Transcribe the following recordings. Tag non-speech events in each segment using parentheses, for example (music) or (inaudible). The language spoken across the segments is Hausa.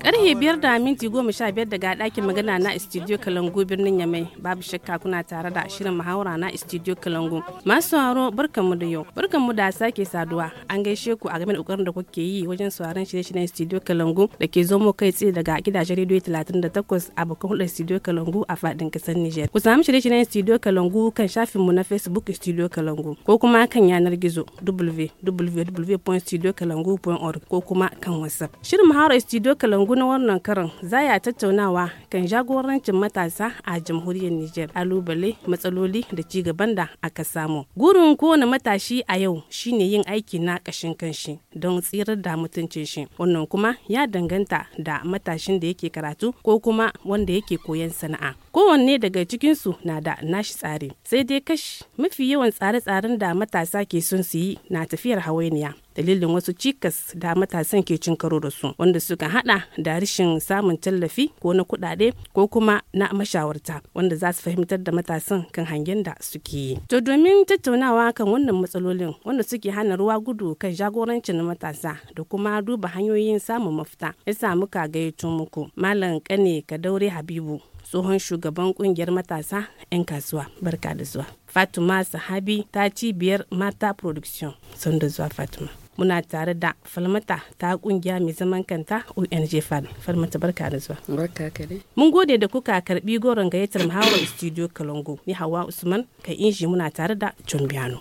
Karhe biyar da minti goma sha biyar daga dakin magana na Studio Kalangu birnin Yamai babu shakka kuna tare da shirin muhawara na Studio Kalangu. Masu sauraro barkanmu da yau. Barkanmu da sake saduwa. An gaishe ku a game da kokarin da kuke yi wajen sauraron shirye-shiryen Studio Kalangu da ke zo mu kai tsaye daga gidajen da takwas a bakin hulɗar Studio Kalangu a faɗin ƙasar Niger. Ku samu shirye-shiryen Studio Kalangu kan shafin mu na Facebook Studio Kalangu ko kuma kan yanar gizo www.studiokalangu.org ko kuma kan WhatsApp. Shirin muhawara Studio Kalangu Kalangu wannan karin za ya tattaunawa kan jagorancin matasa a jamhuriyar Nijar, alubale, matsaloli da cigaban da aka samu. Gurin kowane matashi a yau shine yin aiki na ƙashin kanshi don tsirar da mutuncin shi. Wannan kuma ya danganta da matashin da yake karatu ko kuma wanda yake koyan sana'a. kowanne daga cikinsu na da nashi tsari sai dai kashi mafi yawan tsare-tsaren da matasa ke son su yi na tafiyar hawainiya dalilin wasu cikas da matasan ke cin karo da su wanda suka hada da rashin samun tallafi ko na kudade ko kuma na mashawarta wanda za su fahimtar da matasan kan hangen da suke yi to domin tattaunawa kan wannan matsalolin wanda suke hana ruwa gudu kan jagorancin matasa da kuma duba hanyoyin samun mafita ya samu ka gayyato muku malam kane ka daure habibu tsohon shugaban kungiyar matasa 'yan kasuwa barka da zuwa fatima sahabi ta cibiyar mata production sun da zuwa fatima muna tare da falmata ta kungiya mai zaman kanta ong fan falmata barka da zuwa barka ka mun gode da kuka karbi goron gayyatar muhawar studio kalongo ni hawa usman kai inji muna tare da john biano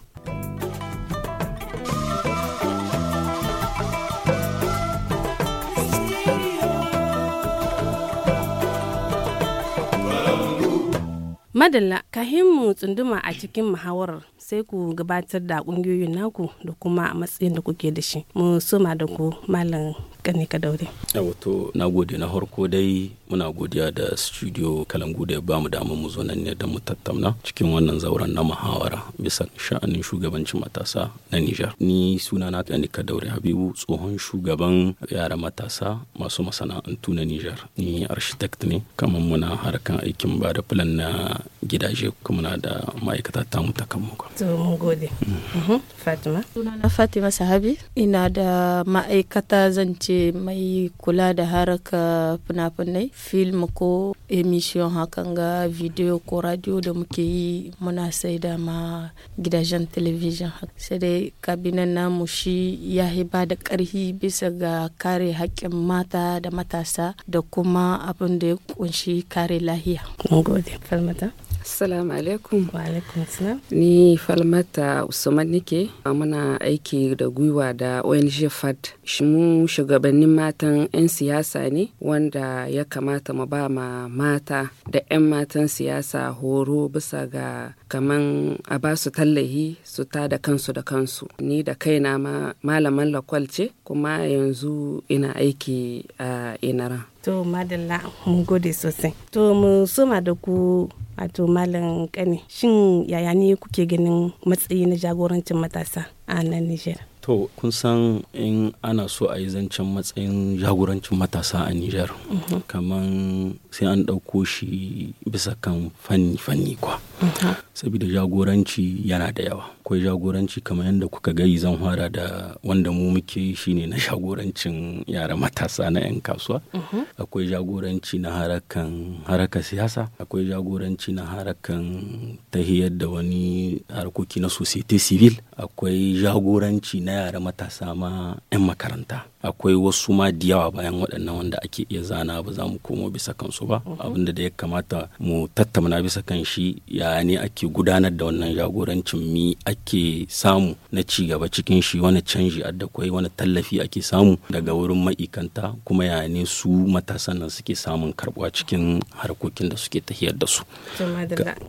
Madalla ka mu tsunduma a cikin muhawarar sai ku gabatar da kungiyoyin naku da kuma a matsayin da kuke da shi mu soma da ku malam kane ka daure wato na gode na harko dai muna godiya da studio kalangu da ya bamu damar mu zo nan ne da mu tattauna cikin wannan zauren na muhawara bisa sha'anin shugabancin matasa na Nijar ni suna na kane ka daure Habibu tsohon shugaban yara matasa masu masana'antu na Nijar ni architect ne kamar muna harkan aikin ba da plan na gidaje kuma na da ma'aikata ta mu ta kan Mhm. fatima sunana fatima sahabi ina da ma'aikata zan ce mai kula da haraka fina-finai film ko emission hakan ga video ko radio da muke yi muna sai da ma gidajen television sai dai kabinan namu shi ya ba da karhi bisa ga kare haƙƙin mata da matasa da kuma abin da ya kunshi kare lahiya. Mun Falmata. Assalamu alaikum. Wa alaikum assalam. Ni Falmata Usman nike muna aiki da gwiwa da ONG FAD. Mu shugabannin matan 'yan siyasa ne wanda ya kamata mu ba ma mata da 'yan matan siyasa horo bisa ga kaman a ba su tallahi su ta da kansu da kansu. Ni da kaina ma malaman lakwal ce kuma yanzu ina aiki a inara. To madalla mun gode sosai. To mu soma da ku wato malam kane shin yaya ne kuke ganin matsayi na jagorancin matasa a nan nijar To, kun san in ana so a yi zancen matsayin jagorancin matasa a Nijar, mhm. kaman sai an ɗauko shi bisa kan fanni-fanni kwa. Mhm. Saboda jagoranci yana da yawa. Akwai jagoranci kamar yadda kuka gai zan fara da wanda mu muke shi ne na jagorancin yara matasa na 'yan kasuwa. Mhm. Akwai jagoranci na harakan haraka siyasa. Akwai jagoranci na harakan ta da wani harkoki na society civil. akwai jagoranci na yara matasa ma 'yan makaranta akwai wasu ma da yawa bayan waɗannan wanda ake iya zana ba za mu komo bisa kansu ba mhm. abinda da ya kamata mu tattauna bisa kan shi ya ne ake gudanar da wannan jagorancin mi ake samu na ci gaba cikin shi wani canji adda kwai wani tallafi ake samu daga wurin ma'ikanta kuma ya ne su matasan nan suke samun karbuwa cikin harkokin da suke tahiyar da su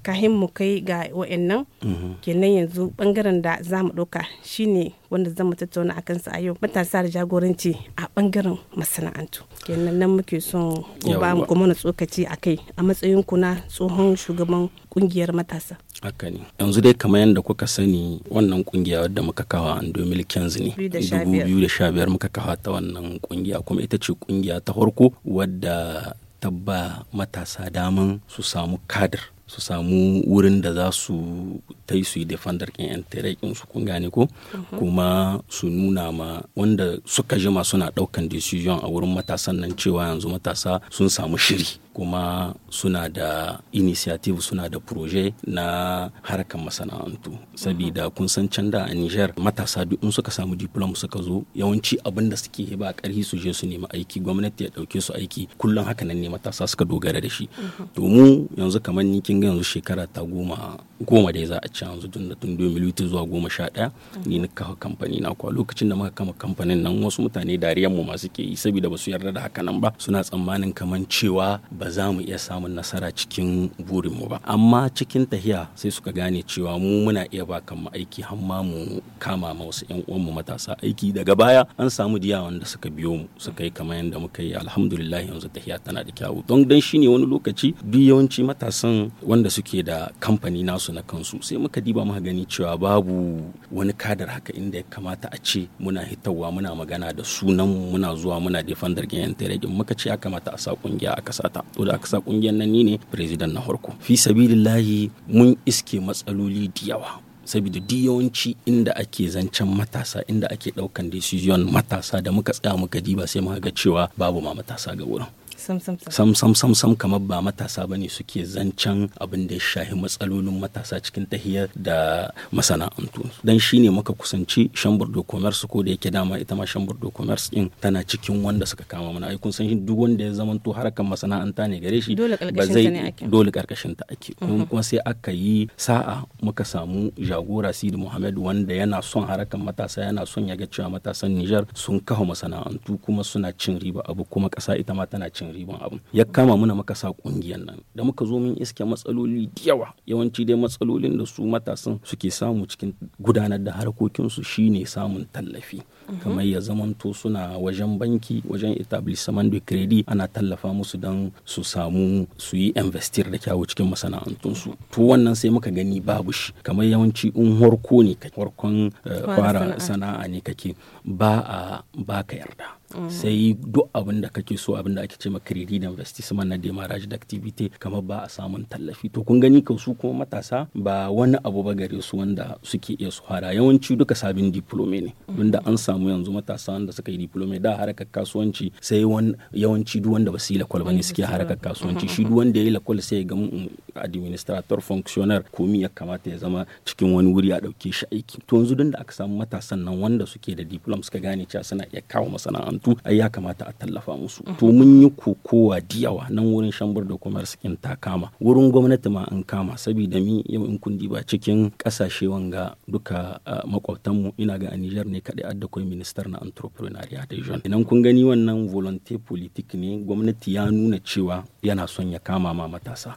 kahin mu kai ga wa'annan mhm. kenan yanzu bangaren da za mu ɗauka shine wanda mu tattauna akan sa a yau matasa da jagoranci tsokaci a bangaren masana'antu kenan nan muke son ku ba mu kuma na tsokaci a kai a matsayin ku na tsohon shugaban kungiyar matasa haka ne yanzu dai kamar yadda kuka sani wannan kungiya wadda muka kawa an 2015 ne 2015 muka kawa ta wannan kungiya kuma ita ce kungiya ta farko wadda ta ba matasa daman su samu kadir su samu wurin da za su ta yi su yi defender ɗin intere su kun gane ko mhm. kuma su nuna ma wanda suka jima suna ɗaukan decision a wurin matasan nan cewa yanzu matasa sun samu shiri kuma suna da initiative suna da proje na harkar masana'antu sabida kun san can da a Niger matasa duk in suka samu diploma suka zo yawanci abin da suke ba karhi su je su nemi aiki gwamnati ya dauke su aiki kullum haka nan ne matasa suka dogara da shi to mu yanzu kamar ni kin yanzu shekara ta goma goma dai za a ci yanzu tun da tun 2008 zuwa goma sha ɗaya ni na kawo kamfani na kuwa lokacin da muka kama kamfanin nan wasu mutane dariyan mu masu ke yi saboda ba su yarda da haka nan ba suna tsammanin kamar cewa ba za mu iya samun nasara cikin burinmu ba amma cikin tahiya sai suka gane cewa mu muna iya ba kanmu aiki har ma mu kama ma wasu yan mu matasa aiki daga baya an samu diya wanda suka biyo mu suka yi kamar yadda muka yi alhamdulillah yanzu tahiya tana da kyawu don dan shine wani lokaci duk yawanci matasan wanda suke da kamfani nasu na kansu sai muka diba muka gani cewa babu wani kadar haka inda ya kamata a ce muna hitawa muna magana da sunan muna zuwa muna defandar ganyen tare muka ce ya kamata a sa kungiya a kasata to da aka sa kungiyar nan ni ne president na farko fi sabilillahi mun iske matsaloli da yawa saboda duk yawanci inda ake zancen matasa inda ake daukan decision matasa da muka tsaya muka diba sai muka ga cewa babu ma matasa ga wurin sam sam sam sam kamar ba matasa bane suke zancen abin da ya shahi matsalolin matasa cikin tahiyar da masana'antu dan shine muka kusanci shambur do commerce ko da yake dama ita ma shambur do commerce din tana cikin wanda suka kama mana ai kun san duk wanda ya zamanto harkan masana'anta ne gare shi ba zai dole karkashin ta ake mhm. kuma sai aka yi sa'a muka samu jagora Sidi Muhammad wanda yana son harkan matasa yana son ya ga cewa matasan Niger sun kafa masana'antu kuma suna cin riba abu kuma kasa ita ma tana cin wannan riban abin ya kama muna makasa kungiyar nan da muka zo mun iske matsaloli da yawa yawanci dai matsalolin da su matasan suke samu cikin gudanar da harkokinsu shine samun tallafi mhm. kamar ya zamanto suna wajen banki wajen etablissement de credit ana tallafa musu don su samu su yi investir da kyawu cikin masana'antunsu to wannan sai muka gani babu shi kamar yawanci in horko ne kake horkon eh, fara sana'a ne kake ba a baka yarda sai duk abin da kake so abin da ake ce ma. credit investissement na da d'activité kamar ba a samun tallafi to kun gani kan su kuma matasa ba wani abu ba gare su wanda suke iya su hara yawanci duka sabin diplome ne wanda an samu yanzu matasa wanda suka yi diplome da harkar kasuwanci sai yawanci duk wanda ba su yi lakwal ba ne suke harkar kasuwanci shi duk wanda ya yi lakwal sai ya ga administrator ko komi ya kamata ya zama cikin wani wuri a dauke shi aiki to yanzu don da aka samu matasan nan wanda suke da diplome suka gane cewa suna iya kawo masana'antu makarantu ai ya kamata a tallafa musu to mun yi kokowa diyawa nan wurin shambar da kuma kin ta kama wurin gwamnati ma an kama saboda mi yau in kun diba cikin kasashe wanga duka makwabtanmu ina ga a Niger ne kadai adda kai minister na entrepreneuriat da jeune idan kun gani wannan volonté politique ne gwamnati ya nuna cewa yana son ya kama ma matasa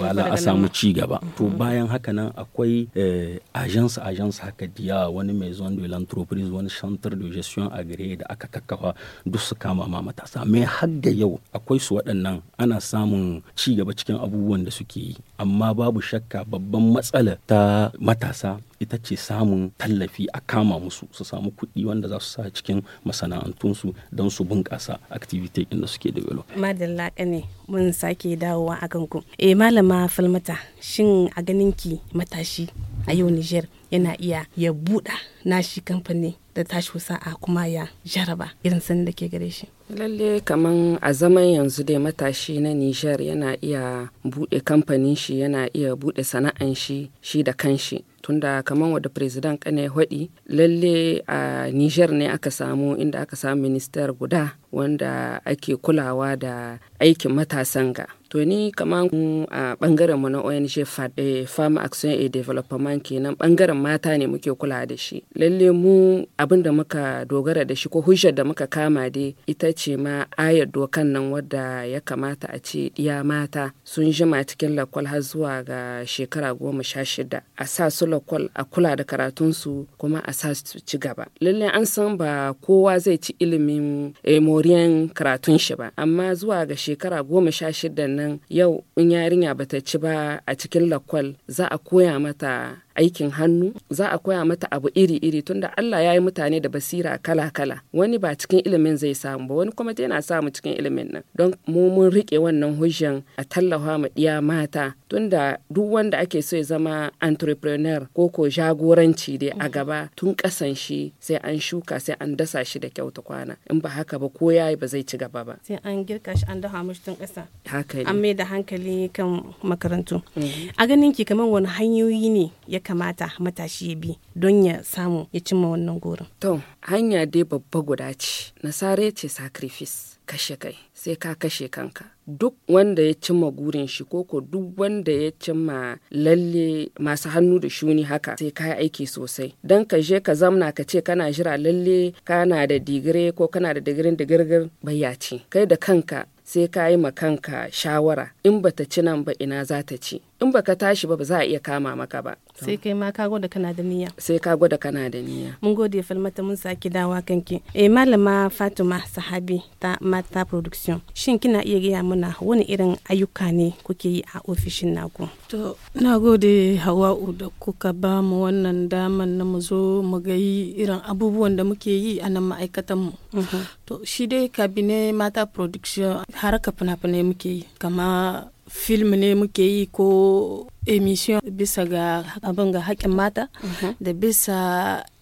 wala a samu ci gaba mm-hmm. to bayan haka nan akwai eh, agence agence haka diya wani maison de l'entreprise wani centre de gestion agréé da aka kakkafa duk su kama ma matasa mai har da yau akwai su waɗannan ana samun ci gaba cikin abubuwan da suke yi amma babu shakka babban matsala ta matasa ita ce samun tallafi a kama musu su samu kuɗi wanda za su sa cikin masana'antunsu don su bunƙasa activity inda suke develop. Madalla ƙane mun sake dawowa a kanku. E malama falmata shin a ganin ki matashi a yau Niger yana iya ya buɗa nashi kamfani da tashi sa'a kuma ya jaraba irin sanin da ke gare shi. lalle kaman a zaman yanzu dai matashi na niger yana iya buɗe kamfanin shi yana iya buɗe sana'an shi shi da kanshi tunda kamar wadda president kane hudi lalle a niger ne aka samu inda aka samu minister guda wanda ake kulawa da aikin matasan ga to ni kamar mm, a bangaren mu na ONG eh, Farm Action and Development kenan bangaren mata ne muke kula da shi lalle mu abin da muka dogara da shi ko hujjar da muka kama dai ita ce ma ayar dokan nan wadda ya kamata a ce iya mata sun jima cikin lakwal har zuwa ga shekara goma sha shida a sa su lakwal a kula da karatunsu kuma a sa su ci gaba lalle an san ba kowa zai ci ilimin emo eh, moriyan karatun shi ba amma zuwa ga shekara goma sha shida nan yau in yarinya bata ci ba a cikin lakwal za a koya mata aikin hannu za a koya mata abu iri-iri tunda Allah ya yi mutane da basira kala-kala wani ba cikin ilimin zai samu ba wani kuma yana samu cikin ilimin nan don mu mun rike wannan hujjan a tallafa ma ɗiya mata tunda duk wanda ake so ya zama entrepreneur ko ko jagoranci dai a gaba tun kasan shi sai an shuka sai an dasa shi da kyauta kwana in ba haka ba ko yayi ba zai ci gaba ba sai an girka shi an dafa mushi tun kasa haka an mai da hankali kan makarantu mm-hmm. a ganin ki kamar wani hanyoyi ne ya kamata matashi ya bi don ya samu ya cimma wannan gurin to hanya dai babba guda ce nasare ce sacrifice kashe kai sai ka kashe kanka duk wanda ya cimma gurin shi koko duk wanda ya cimma lalle masu hannu da shuni haka sai ka aiki sosai don ka je ka zamna ka ce kana jira lalle kana da digire ko kana da digirin digirgir bayyaci kai da kanka sai ka yi ma kanka shawara in bata ci nan ba ina za ta ci in baka tashi ba ba za a iya kama maka ba sai kai ma ka gwada kana da niyya sai ka gwada kana da niyya mun gode falmata mun saki dawa kanki eh malama fatima sahabi ta mata production shin kina iya gaya mana wani irin ayyuka ne kuke yi a ofishin naku to na gode hawa'u da kuka ba mu wannan dama na mu zo mu ga yi irin abubuwan da muke yi a nan ma'aikatan mu mhm. to shi dai kabine mata production haraka fina-finai muke yi kama film ne muke yi ko emission bisa ga abin ga haƙƙin mata mhm. da bisa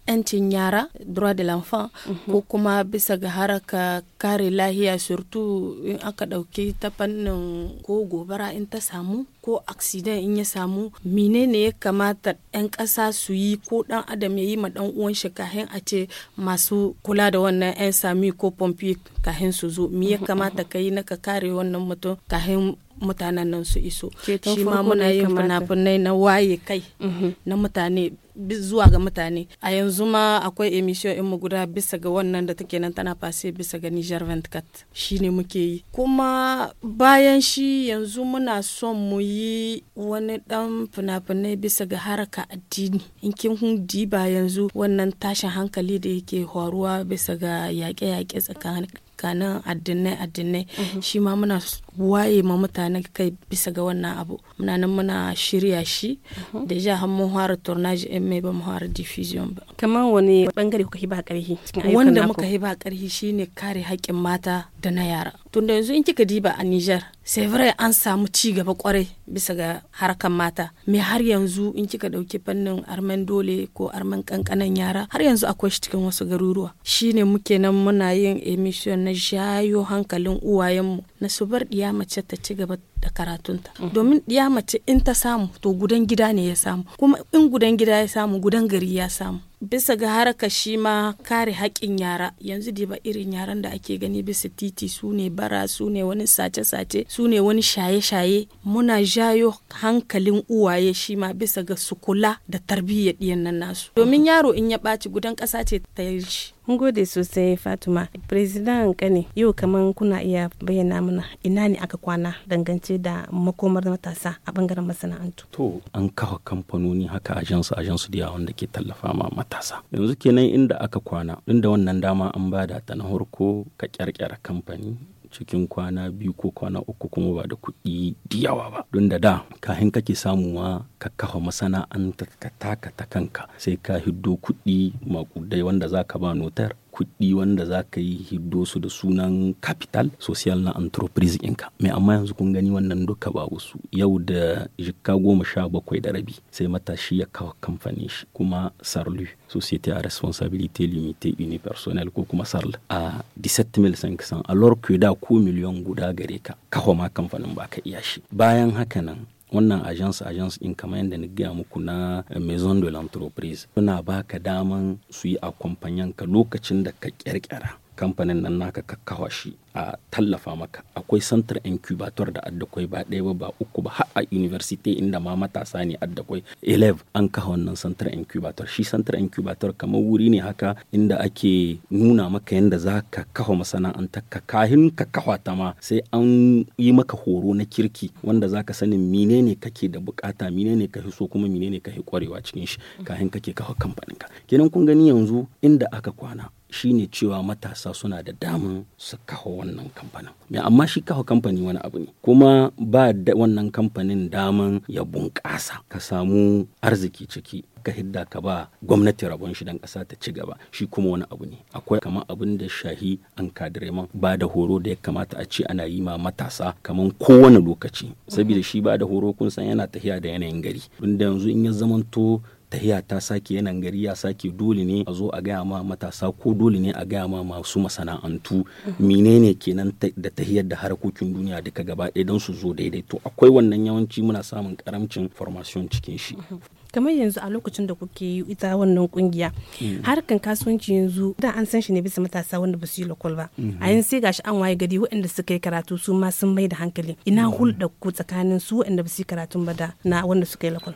'yancin yara droit de l'enfant ko mhm. kuma bisa ga haraka kare lahiya surtu in aka ɗauki ta fannin ko gobara in ta samu ko accident in ya samu menene ya kamata 'yan ƙasa su yi ko ɗan adam ya yi ma ɗan uwan shi kahin a ce masu kula da wannan 'yan sami ko pompi kahin su zo me ya mhm, kamata ka yi na ka kare wannan mutum kahin mutanen nan su iso shi ma muna yin fina-finai na waye kai mhm. na mutane zuwa ga mutane a yanzu ma akwai emission mu guda bisa ga wannan da take nan tana fase bisa ga Niger 24 shi ne muke yi kuma bayan shi yanzu muna son mu yi wani dan fina-finai bisa ga haraka addini in kin hundi ba yanzu wannan tashin hankali da yake horuwa bisa ga yaƙe-yaƙe tsakanin ganin addinai addinai mm-hmm. shi ma muna waye ma mutane kai bisa ga wannan abu muna nan muna shirya shi mm-hmm. da ja har mun fara tournage in mai ba mu fara diffusion ba kamar wani bangare kuka hiba karhi wanda muka hiba karhi shine kare haƙƙin mata da na yara tunda yanzu in kika diba a Niger sai vrai an samu ci gaba kwarai bisa ga harkan mata me har yanzu in kika dauki fannin arman dole ko arman kankanan yara har yanzu akwai shi cikin wasu garuruwa shine muke nan muna yin emission na jayo hankalin uwayenmu na su bar diya mace ta ci gaba da karatunta mhm. domin diya mace in ta samu to gudan gida ne ya samu kuma in gudan gida ya samu gudan gari ya samu bisa ga haraka shi ma kare haƙƙin yara yanzu diba ba irin yaran da ake gani bisa titi su ne bara su ne wani sace-sace su ne wani shaye-shaye muna jayo hankalin uwaye shi ma bisa ga sukula da tarbiyyar ɗiyan nan nasu domin yaro in ya ɓaci gudan ƙasa ce ta shi mun gode sosai fatima president kane yau kamar kuna iya bayyana mana ina ne aka kwana dangance da makomar matasa a bangaren masana'antu to an kawo kamfanoni haka ajansu ajansu da wanda ke tallafa ma matasa yanzu kenan inda aka kwana inda wannan dama an bada ta na farko ka kyarkyara kamfani cikin kwana biyu ko kwana uku kuma ba da kuɗi diyawa ba don da da kahin kake samuwa ka kafa masana'anta ka taka ta kanka sai ka hiddo kuɗi makudai wanda za ka ba notar kuɗi wanda za ka yi hiddo su da sunan capital social na entreprise ɗinka mai amma yanzu kun gani wannan duka ba wasu yau da jikka goma sha bakwai da rabi sai matashi ya kawo kamfanin shi kuma sarlu société à responsabilité limitée unipersonnelle ko kuma sarl a 17500 alors que da ko miliyan guda gare ka kawo ma kamfanin ba ka iya shi bayan haka nan wannan agence agence in kamar yadda na gaya muku na eh, maison de l'entreprise suna baka daman su yi a ka lokacin da ka kirkira kamfanin nan naka kakkawa shi a tallafa maka akwai santar incubator da addakwai ba ɗaya ba ba uku ba har a university inda ma matasa ne addakwai 11 an kawo wannan santar incubator shi santar incubator kamar wuri ne haka inda ake nuna maka yadda za ka kawo masana'anta ka kahin ka kafa ta ma sai an yi maka horo na kirki wanda za ka sanin menene kake da bukata menene ka so kuma menene ka kwarewa cikin shi kahin kake kamfanin ka kenan kun gani yanzu inda aka kwana shine cewa matasa suna da damar su kawo wannan kamfanin mai amma shi kawo kamfani wani abu ne kuma ba da wannan kamfanin daman ya bunƙasa ka samu arziki ciki ka hidda ka ba gwamnati rabon shi dan ƙasa ta ci gaba shi kuma wani abu ne akwai kamar abin da shahi an kadireman ba da horo da ya kamata a ce ana yi ma matasa kamar kowane lokaci saboda shi ba da horo kun san yana tafiya da yanayin gari tunda yanzu in ya zamanto tahiya ta sake yanan gari ya sake dole ne a zo a gaya ma matasa ko dole ne a gaya ma masu masana'antu mhm. menene kenan da tahiyar da harkokin duniya duka gaba ɗaya don su zo daidai to akwai wannan yawanci muna samun karamcin formation cikin shi mhm. kamar yanzu a lokacin da kuke yi ita wannan kungiya mm. harkan kasuwanci yanzu da an san shi ne bisa matasa wanda ba su yi lokal ba mhm. a yin sai gashi an waye gari waɗanda suka yi karatu su ma sun mai da hankali ina mm. hulɗa ku tsakanin su waɗanda ba su yi karatun ba da na wanda suka yi lokal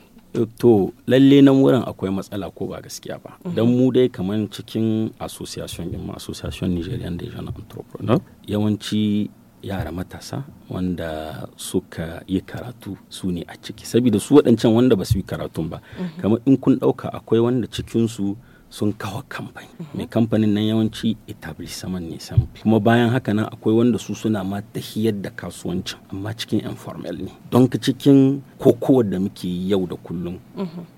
to lalle nan wurin akwai matsala ko ba gaskiya ba mhm. don mu dai kamar cikin association din association nigerian de jeune entrepreneur yawanci yara matasa wanda suka yi karatu su ne a ciki saboda su waɗancan wanda ba su yi karatun ba mhm. kamar in kun ɗauka akwai wanda cikinsu su sun kawo kamfani mai kamfanin nan yawanci etablissement ne sam kuma bayan haka nan akwai wanda su suna ma tahiyar da kasuwancin amma cikin informal ne don ka cikin kokowar da muke yi yau da kullum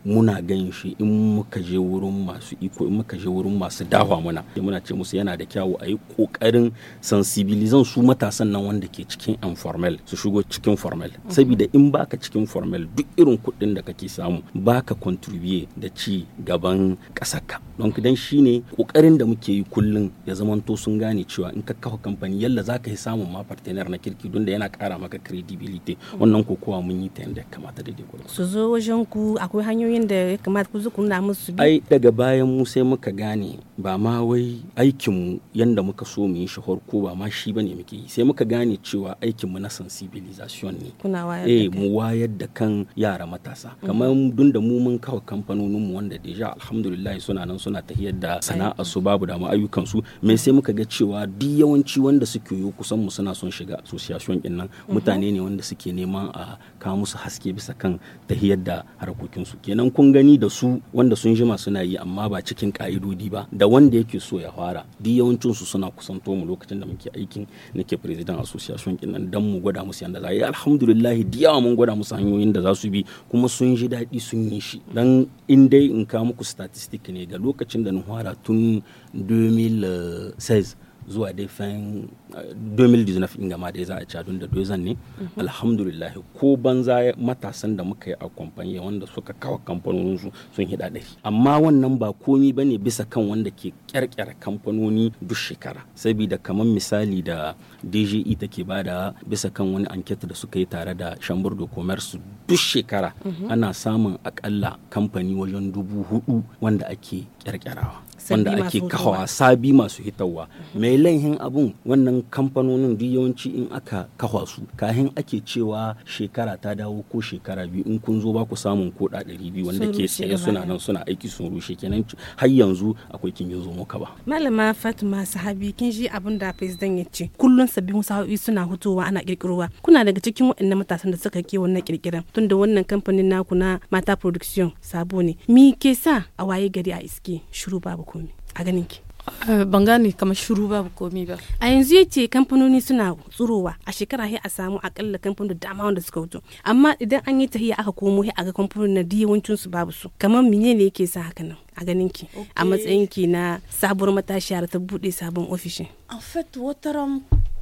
muna ganin shi in muka je wurin masu iko in muka je wurin masu dawa muna muna ce musu yana da kyawu a yi kokarin sensibilizan su matasan nan wanda ke cikin informal su shigo cikin formal saboda in baka cikin formal duk irin kuɗin da kake samu baka contribute da ci gaban ƙasarka don dan shi ne kokarin da muke yi kullum ya zamanto sun gane cewa in ka kafa kamfani yalla za ka yi samun ma partner na kirki don da yana kara maka credibility wannan kokowa mun yi ta yadda ya kamata da dai su zo wajen ku akwai hanyoyin da ya kamata ku zuku na musu bi ai daga bayan mu sai muka gane ba ma wai aikin mu yanda muka so mu yi shi ko ba ma shi bane muke yi sai muka gane cewa aikin mu na sensibilization ne kuna wayar eh mu wayar da kan yara matasa mm. kamar dun da mu mun kawo kamfanonin mu wanda deja alhamdulillah suna nan nan suna tahiyar da sana'a su babu damu ayyukan su me sai muka ga cewa duk yawanci wanda suke yo kusan mu suna son shiga association din nan mhm. mutane ne wanda suke neman a kawo musu haske bisa kan tahiyar da harkokin kenan kun gani da su wanda sun jima suna yi amma ba cikin ka'idodi ba da wanda yake so ya fara duk yawancin su suna to mu lokacin da muke aikin nake president association din nan dan mu gwada musu yanda za yi alhamdulillah diyawa mun gwada musu hanyoyin da za su bi kuma sun ji daɗi sun yi shi dan in dai in ka muku statistic ne ga lokacin da na fara tun 2016 eh, zuwa dai fayin 2019 in gama dai za a cadun da dozan ne mhm. alhamdulillah ko banza matasan da muka yi a kwamfaniya wanda suka kawo kamfanonin su sun hida ɗari amma wannan ba komi ba ne bisa kan wanda ke kyarkyar kamfanoni duk shekara sabida kamar misali da dje take bada bisa kan wani anket da suka yi tare da chamber de commerce duk shekara mhm. ana samun akalla kamfani wajen dubu hudu wanda ake kyarkyarawa wanda ake kawa sabi masu hitawa mai laihin abun wannan kamfanonin duk yawanci in aka kawa su kahin ake cewa shekara ta dawo ko shekara biyu in kun zo ba ku samun koda ɗari biyu wanda ke tsaye suna nan suna aiki sun rushe kenan har yanzu akwai kin yi zo muka ba malama fatima sahabi kin ji abin da president ya ce kullum sabbin sa'o'i suna hutowa ana kirkirowa kuna daga cikin waɗannan matasan da suka ke wannan kirkiran tunda wannan kamfanin naku na mata production sabo ne me ke sa a waye gari a iske shiru babu komi a ganin ki eh, ban gane kamar shiru babu komi ba a yanzu ce kamfanoni suna tsurowa a shekara sai a samu akalla kamfanin dama wanda suka wuto amma idan an yi tahiya aka komo sai ga kamfanin na yawancin su babu su kamar mene ne yake sa haka nan a ganin ki a matsayin ki na sabuwar da ta bude sabon ofishin en fait wataran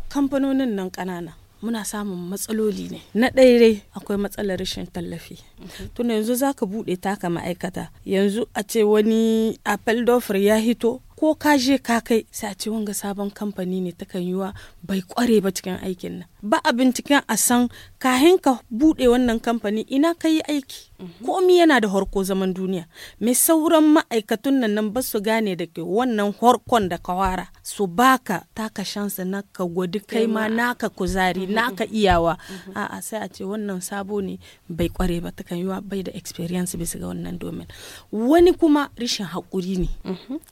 kamfanonin nan kanana muna samun matsaloli ne na ɗaya akwai matsalar rashin tallafi mhm. tunda yanzu za ka buɗe taka ma'aikata yanzu a ce wani apple dofer ya hito ko ka je ka kai sai a ce wanga sabon kamfani ne ta kan yiwa bai kware ba cikin aikin nan ba a binciken a san kahin ka bude wannan kamfani ina ka yi aiki mhm. komi yana da horko zaman duniya mai sauran ma'aikatun nan nan ba su gane da ke wannan horkon da ka wara su baka taka shansa na ka gwadi kai ma naka kuzari mhm. naka iyawa mhm. a'a sai a ce wannan sabo ne bai kware ba ta yiwa bai da experience bisa ga wannan domin wani kuma rishin hakuri ne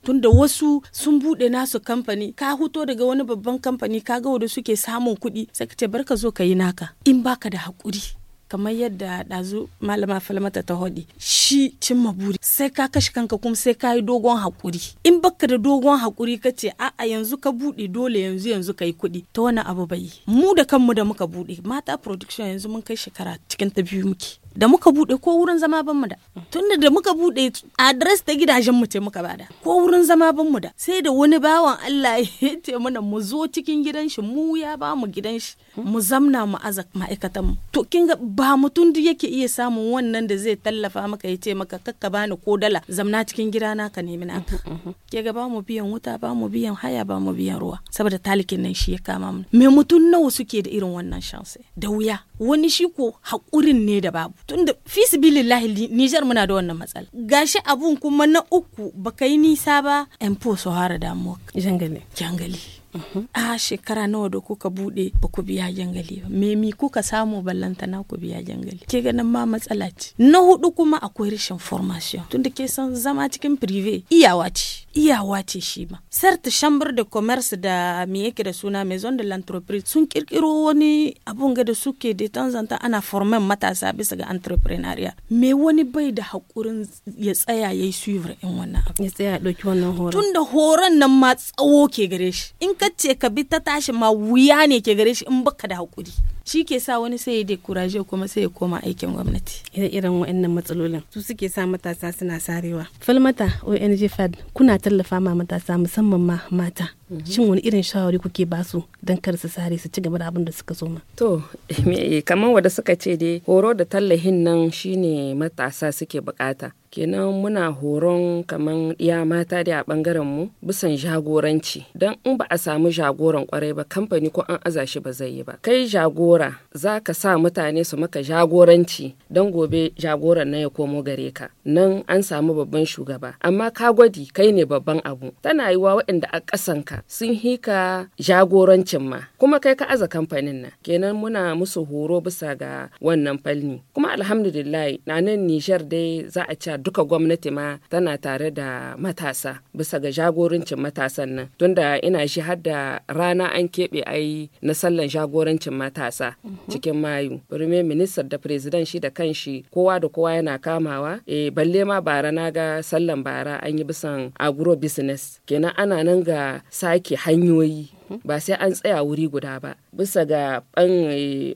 tunda wasu sun bude nasu kamfani ka huto daga wani babban kamfani ka ga wanda suke samun kuɗi sai ce ka zo ka yi naka in baka da haƙuri kamar yadda ɗazu malama falmata ta hodi shi cimma buri sai ka kashe kanka kuma sai ka yi dogon hakuri in baka da dogon hakuri ka ce a'a yanzu ka buɗe dole yanzu yanzu ka yi kuɗi ta wani abu bai mu da kanmu da muka buɗe mata production yanzu mun kai shekara cikin ta biyu muke da muka bude ko wurin zama ban da tunda da muka bude adres ta gidajen mu ce muka bada ko wurin zama ban da sai da wani bawan Allah (laughs) ya ce mana mu zo cikin gidan shi mu ya ba mu gidan shi mu zamna mu azak ma'aikatan mu to kin ga ba mutum duk yake iya samun wannan da zai tallafa maka ya ce maka kakka bani ko dala zamna cikin gidana ka nemi na mhm, mhm. ke ga ba mu biyan wuta ba mu biyan haya ba mu biyan ruwa saboda talikin nan shi ya kama mu me mutum nawa suke da irin wannan shansi da wuya wani shi ko hakurin ne da babu tunda fi sibilillahi Nijar muna da wannan matsala gashi abun kuma na uku baka yi nisa ba en po su hara damuwa jangali jangali a ah, shekara nawa da kuka bude ba ku biya jangali ba me mi kuka samu ballanta na ku biya jangali ke ganin ma matsala ce na hudu kuma akwai rashin formation tunda ke san zama cikin prive iyawa ce iyawa ce shi ma certe chambre de commerce da me yake da suna maison de l'entreprise sun kirkiro wani abun ga da suke da tanzanta ana formen matasa bisa ga entrepreneuria me wani bai da hakurin ya tsaya yayi suivre in wannan abu ya tsaya dauki wannan horon tunda horon nan ma tsawo ke gare shi in kace ka bi ta tashi ma wuya ne ke gare shi in baka da hakuri shi ke sa wani sai ya dekuraje kuma sai ya koma aikin gwamnati ire-iren waɗannan matsalolin su suke sa matasa suna sarewa falmata ong fad kuna tallafa ma matasa musamman ma mata Mhm. shin wani irin shawari kuke ba su don kar su sare su ci gaba da abin da suka so ma to (laughs) kamar wanda suka ce dai horo da tallahin nan shine matasa suke bukata kenan muna horon kaman ya mata da a bangaren mu bisan jagoranci don in ba a samu jagoran kwarai ba kamfani ko an aza shi ba zai yi ba kai jagora za ka sa mutane su maka jagoranci don gobe jagoran na ya komo gare ka nan an samu babban shugaba amma ka gwadi kai ne babban abu tana yiwa waɗanda a kasan ka sun hika jagorancin ma kuma kai ka aza kamfanin nan kenan muna musu horo bisa ga wannan falni kuma alhamdulillah na nan Nijar dai za a ce duka gwamnati ma tana tare da matasa bisa ga jagorancin matasan nan tunda ina shi har da rana an keɓe ai na sallan jagorancin matasa mhm. cikin mayu firme minister da president shi da kanshi kowa da kowa yana kamawa e balle ma bara na ga sallan bara an yi bisan agro business kenan ana nan ga sa sake hanyoyi ba sai an tsaya wuri guda ba bisa ga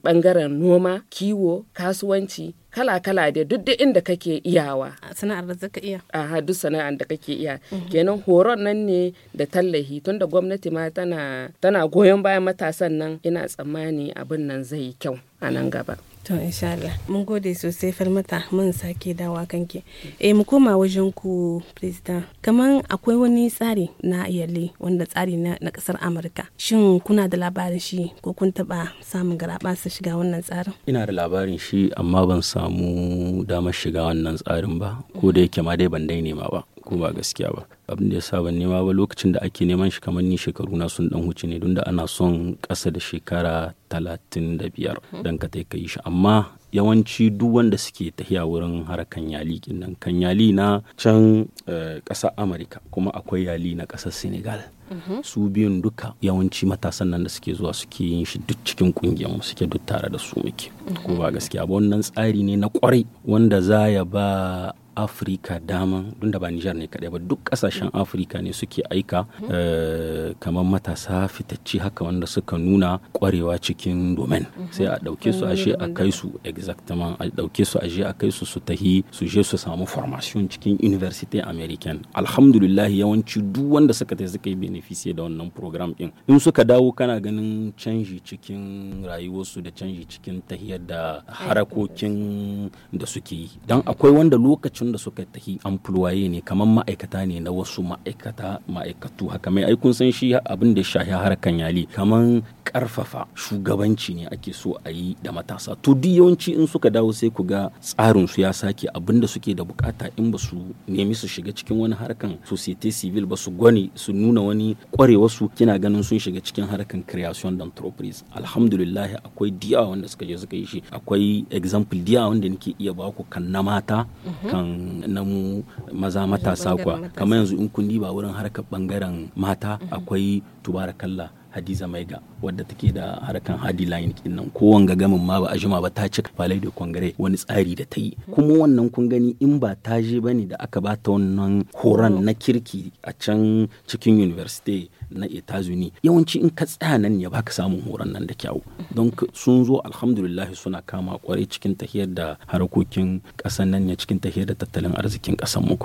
bangaren noma kiwo kasuwanci kala-kala da duk inda kake iyawa sana'ar da zaka iya aha duk sana'ar da kake iya mhm. kenan horon nan ne da tallahi tunda gwamnati ma tana tana goyon bayan matasan nan ina tsammani abin nan zai kyau a nan mhm. gaba to insha Allah mun gode sosai falmata mun sake dawa kanke eh mu koma wajen ku president kaman akwai wani tsari na iyali wanda tsari na, na kasar Amurka shin kuna da labarin shi ko kun taba samun garaba su shiga wannan tsarin ina da labarin shi amma ban samu damar shiga wannan tsarin ba ko da yake ma dai ban dai nema ba ko ba gaskiya ba abin da ya sa ban nema ba lokacin da ake neman shi kamar ni shekaru na sun dan huce ne don da ana son ƙasa da shekara talatin da biyar mhm. don ka ka yi shi amma yawanci duk wanda suke tahiya wurin harakan yali kinnan kan yali na can eh, ƙasa amurka kuma akwai yali na ƙasar senegal mhm. su biyun duka yawanci matasan nan da suke zuwa suke yin shi duk cikin kungiyar mu suke duk tare da su muke ko ba mhm. gaskiya ba wannan tsari ne na kwarai wanda za ya ba afirka dama don da ba nijar ne kadai ba duk kasashen afirka ne suke aika eh, kamar matasa fitacci haka wanda suka nuna kwarewa cikin domin mhm. sai a ɗauke su ashe a kai su exactement a ɗauke su ashe a kai su su tahi su je su samu formation cikin university american alhamdulillah yawanci duk wanda suka tai suka yi benefice da wannan program din in suka dawo kana ganin canji cikin rayuwarsu da canji cikin tahiyar da harakokin da suke yi dan akwai wanda lokacin sun da suka tafi amfulwaye ne kamar ma'aikata ne na wasu ma'aikata ma'aikatu haka mai aikun san shi abin da shahi harkan yali kamar karfafa shugabanci ne ake so a yi da matasa to yawanci in suka dawo sai ku ga tsarin su ya sake abin da suke da bukata in ba su nemi su shiga cikin wani harkan societe civil ba su gwani su nuna wani kwarewa su kina ganin sun shiga cikin harkan creation d'entreprise alhamdulillah akwai diya wanda suka je suka yi shi akwai example diya wanda nake iya ba ku kan na mata mhm. kan na mu maza matasa kuwa kamar yanzu in kun ba wurin harkar bangaren mata akwai tubarakalla hadiza maiga wadda take da harkan hadi line kinnan ko wanga gamin ma ba a jima ba ta cika falai da kongare wani tsari da ta yi kuma wannan kun gani in ba ta je bane da aka bata wannan horon na kirki a can cikin university na itazuni yawanci in ka tsaya nan ya baka samun horon nan da kyau don sun zo alhamdulillah suna kama kwarai cikin tahiyar da harkokin kasan nan ya cikin tahiyar da tattalin arzikin kasan mu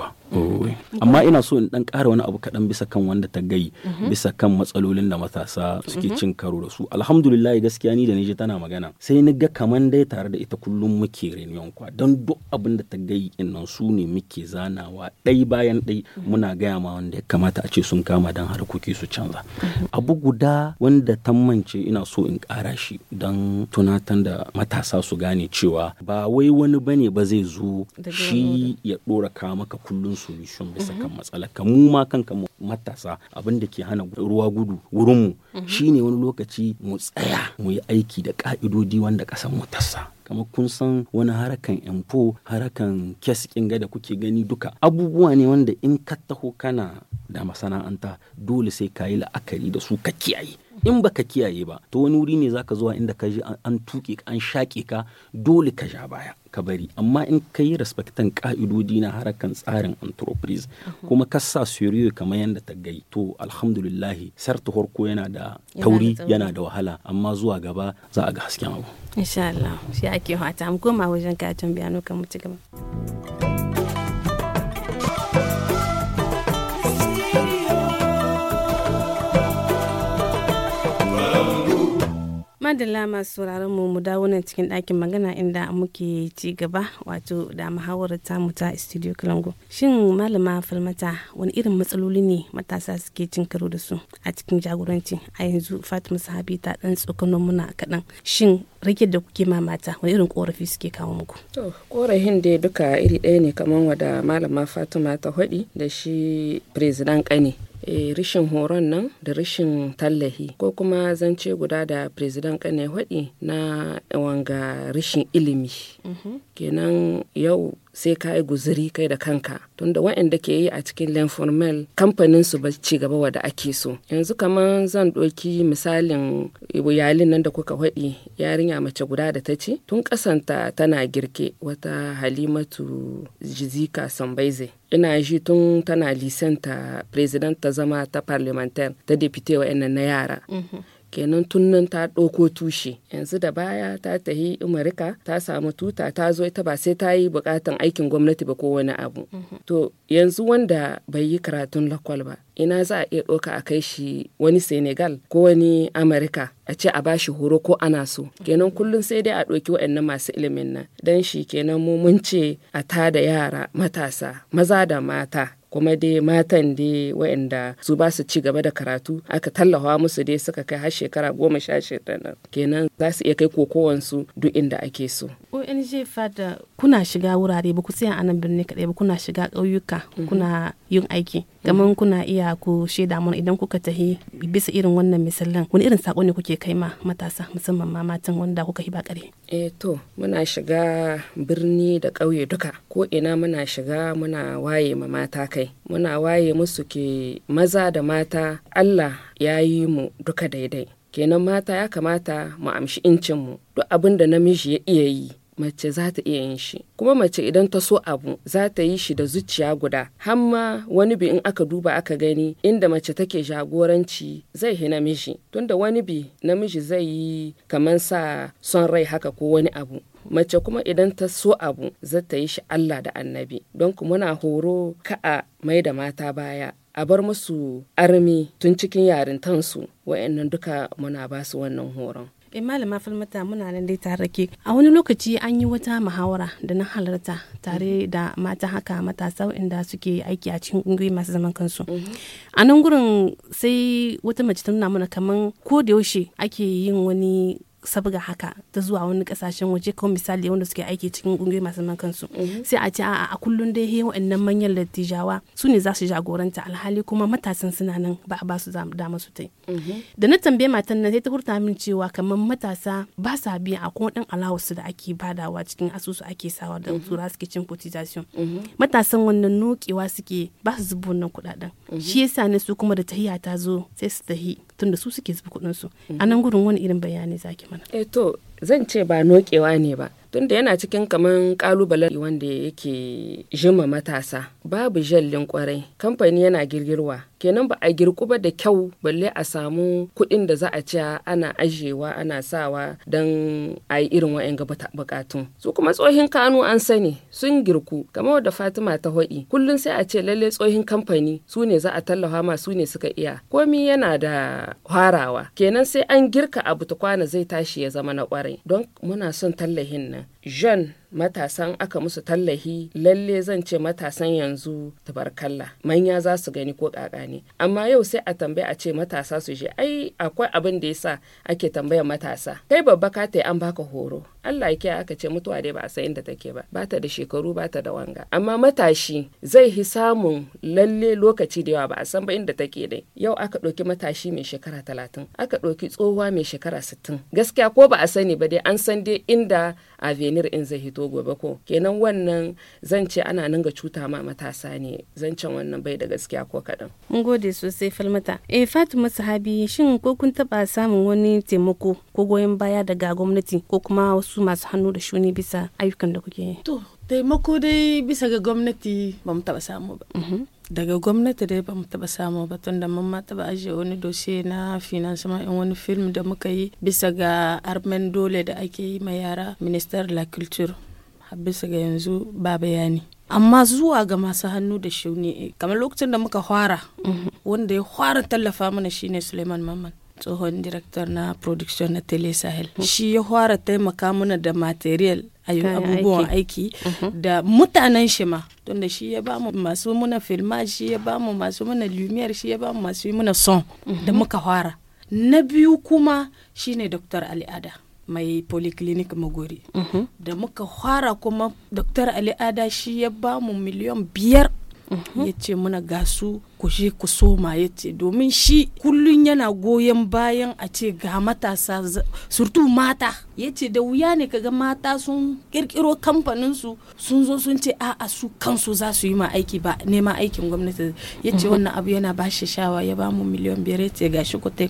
amma ina so in dan kara wani abu kaɗan bisa kan wanda ta gai mhm. bisa kan matsalolin da matasa suke mhm. cin karo da su alhamdulillah gaskiya ni da je tana magana sai ni ga kaman dai tare da ita kullum muke reunion kwa don duk abin da ta gai inan su ne muke zanawa ɗai bayan ɗai mhm. muna gaya ma wanda ya kamata a ce sun kama dan harkoki su ci canza abu guda wanda tammance ina so in ƙara shi don tunatan da matasa su gane cewa ba wai wani bane ba zai zo shi ya ɗora ka maka kullun solution bisa mhm. kan matsala ka mu ma kanka matasa abin da ke hana ruwa gudu wurinmu mhm. shine wani lokaci mu tsaya mu yi aiki da ka'idodi wanda ƙasar mu tassa kamar kun san wani harakan empo harakan kes kinga da kuke gani duka abubuwa ne wanda in ka taho kana da masana'anta dole sai ka yi la'akari da su ka kiyaye in baka kiyaye ba to wani wuri ne za ka zuwa inda ka ji an tuke an shake ka dole ka ja baya ka bari amma in ka yi respectan ka'idodi na harakan tsarin entreprise kuma ka sa suriyo kamar yadda ta gai to alhamdulillahi sarta horko yana da tauri yana da wahala amma zuwa gaba za a ga hasken abu insha Allah shi ake hata mu koma wajen katon biyano kan mutu gaba madalla masu sauraron mu mu dawo nan cikin ɗakin magana inda muke ci gaba wato da muhawarar muta ta studio kilango shin malama falmata wani irin matsaloli ne matasa suke cin karo da su a cikin jagoranci a yanzu fatima sahabi ta ɗan tsokano muna kaɗan shin rage da kuke ma mata wani irin korafi suke kawo muku to korafin dai duka iri ɗaya ne kamar wada malama fatima ta haɗi da shi president kane e, eh, rishin horon nan da rishin tallahi ko kuma zance guda da firizidan kane hudi na wanga rishin ilimi mhm. kenan yau sai ka yi guzuri kai da kanka tunda waɗanda ke yi a cikin lenformel kamfanin su ba ci gaba wada ake so yanzu kamar zan ɗoki misalin yalin nan da kuka haɗi yarinya mace guda da ta ce tun ƙasanta tana girke wata halimatu jizika sambaize ina shi tun tana lisanta president ta zama ta parliamentaire ta depute wa'annan na yara mhm. kenan tun ta ɗauko tushe yanzu da baya ta tahi umarika ta samu tuta ta zo ita ba sai ta yi bukatan aikin gwamnati ba ko wani abu mhm. to yanzu wanda bai yi karatun lakwal ba ina za a iya ɗauka a kai shi wani senegal ko wani amurka a ce a bashi horo ko ana so mhm. kenan kullum sai dai a ɗauki waɗannan masu ilimin nan don shi kenan mu mun ce a da yara matasa maza da mata kuma dai matan dai waɗanda su ba su ci gaba da karatu aka tallafa musu dai suka kai har shekara goma sha shida kenan za su iya kai kokowansu duk inda ake so. ONG fada kuna shiga wurare ba ku tsaya a birni kaɗai ba kuna shiga ƙauyuka mhm. kuna yin aiki kamar kuna iya ku shaida mun idan kuka tahi bisa irin wannan misalin wani irin sako ne kuke kai ma matasa musamman ma matan wanda kuka hiba kare eh to muna shiga birni da ƙauye duka ko ina muna shiga muna waye ma mata kai muna waye musu ke maza da mata Allah ya yi mu duka daidai kenan mata ya kamata mu amshi incin mu duk abin da namiji ya iya yi mace za ta iya yin shi kuma mace idan ta so abu za ta yi shi da zuciya guda hamma wani bi in aka duba aka gani inda mace take jagoranci zai hi namiji tunda wani bi namiji zai yi kamar sa son rai haka ko wani abu mace kuma idan ta so abu za ta yi shi Allah da annabi don muna horo ka a mai da mata baya a bar musu armi tun cikin yarintansu wa'annan duka muna basu wannan horon eh malama falmata muna nan dai tare ke a wani lokaci an yi wata muhawara da na halarta tare da mata haka matasa inda suke aiki a cikin ƙungiyoyi masu zaman kansu mm-hmm. a nan gurin sai wata mace ta nuna mana kaman ko da yaushe ake yin wani sabga haka ta zuwa wani kasashen waje kawai misali wanda suke aiki cikin kungiyoyi masu man kansu mhm. sai a ce a kullum dai he wa'annan manyan lattijawa su ne za su jagoranta alhali kuma matasan suna nan ba a ba su dama su tai mhm. da na tambaye matan nan sai ta hurta min cewa kamar matasa ba sa biya a kuma dan alawarsu da ake badawa cikin asusu ake sawa da mhm. tura suke cin cotization matasan wannan nokewa suke ba su zubo wannan kudaden shi yasa ne su kuma da tahiya ta zo sai su tahi tunda su suke zuba kuɗin su mm. a nan gurin wani irin bayani zaki mana eh to zan ce ba nokewa ne ba tunda yana cikin kaman kalubalen wanda yake jima matasa babu jallin kwarai kamfani yana girgirwa kenan ba a girku ba da kyau balle a samu kuɗin da za a ci ana ajewa ana sawa don a yi irin wa'yan ga bukatun su kuma tsohin kanu an sani sun girku kamar da fatima ta hoɗi kullum sai a ce lalle tsohin kamfani su ne za a tallafa ma su ne suka iya komi yana da harawa kenan sai an girka abu ta kwana zai tashi ya zama na kwarai don muna son tallahin nan jean matasan aka musu tallahi lalle zan ce matasan yanzu tabarkalla manya za su gani ko kaka ne amma yau sai a tambaya a ce matasa su je ai akwai abin da ya yasa ake tambayar matasa kai babba ka ta an baka horo Allah ya aka ce mutuwa dai ba a san inda take ba bata da shekaru bata da wanga amma matashi zai hi samun lalle lokaci da yawa ba a san ba inda take dai yau aka ɗauki matashi mai shekara talatin aka ɗauki tsohuwa mai shekara sittin gaskiya ko ba a sani ba dai an san dai inda a avenir in zai hito gobe ko kenan wannan zance ana nan cuta ma matasa ne zancen wannan bai da gaskiya ko kaɗan. mun gode sosai falmata eh fatima sahabi shin ko kun taba samun wani taimako ko goyon baya daga gwamnati ko kuma wasu masu hannu da shuni bisa ayyukan da kuke yi. to taimako dai bisa ga gwamnati ba mu taɓa samu ba. Mhm. daga gwamnati dai ba mu taɓa samu ba tun da mun ma taɓa ajiye wani dosiye na financement in wani film da muka yi bisa ga armen dole da ake yi ma yara minister la culture bisa ga yanzu ba bayani amma zuwa ga masu hannu da shuni eh, kamar lokacin da muka fara mhm. wanda ya fara tallafa mana shine suleiman mamman tsohon director na production na tele sahel shi ya fara taimaka mana da material abubuwan aiki mhm. da mutanen shi ma tunda shi ya ba mu masu muna filma shi ya ba mu masu muna lumiyar shi ya ba mu masu muna son mhm. da muka fara na biyu kuma shine dr al'ada mai polyclinic magori mhm. da muka fara kuma dr al'ada shi ya ba mu miliyan biyar ya ce muna gasu ku je ku soma ya ce domin shi kullum yana goyon bayan a ce ga matasa surtu mata ya ce da wuya ne kaga mata sun kirkiro kamfaninsu sun zo sun ce a'a su kansu za su yi ma aiki ba nema aikin gwamnati ya ce mhm. wannan abu yana ba shi shawa ya ba mu miliyan biyar ya ce ga shi ku tai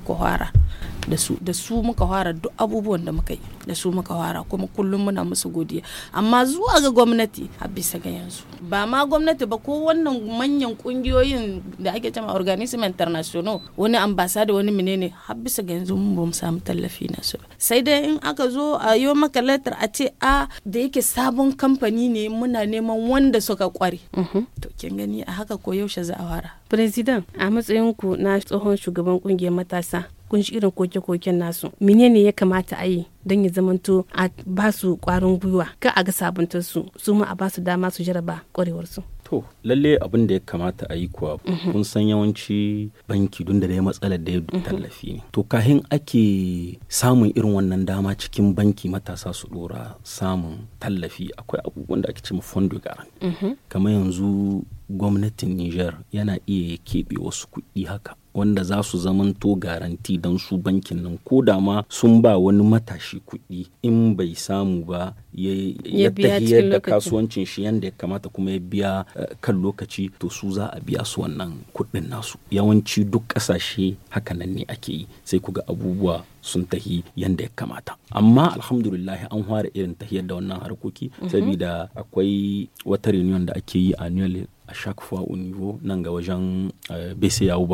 da su da su muka fara duk abubuwan da muka yi da su muka fara kuma kullum muna musu godiya amma zuwa ga gwamnati a bisa ga yanzu ba ma gwamnati ba ko wannan manyan kungiyoyin da ake cewa organism international wani ambasada wani menene har bisa ga yanzu mun bamu samu tallafi na su sai dai in aka zo a yo maka letter a ce a da yake sabon kamfani ne muna neman wanda suka kware mhm. to kin gani a haka ko yaushe za a fara president a matsayin na tsohon shugaban kungiyar matasa kun shi irin koke-koken nasu menene ya kamata a yi don ya zamanto a ba su kwarin gwiwa ka a ga sabuntar su su ma a ba su dama su jaraba kwarewar su to lalle abin da ya kamata a yi kuwa mhm. kun san yawanci banki dun da ya matsalar da ya mhm. tallafi ne to kahin ake samun irin wannan dama cikin banki matasa su dora samun tallafi akwai abubuwan da ake ce ma fondo garan mhm. kamar yanzu gwamnatin Nijar yana iya keɓe wasu kuɗi haka wanda za su zamanto garanti don su bankin nan ko da ma sun ba wani matashi kuɗi in bai samu ba ya tahiyar da kasuwancin shi yadda ya kamata kuma ya biya eh, kan lokaci to su za a biya su wannan kuɗin nasu yawanci duk ƙasashe hakanan ne ake yi sai kuga abubuwa sun tahi yadda ya kamata amma alhamdulillah an fara irin tahiyar da wannan harkoki mhm. saboda akwai wata reunion da ake yi annual a chaque fois au niveau nan ga wajen uh,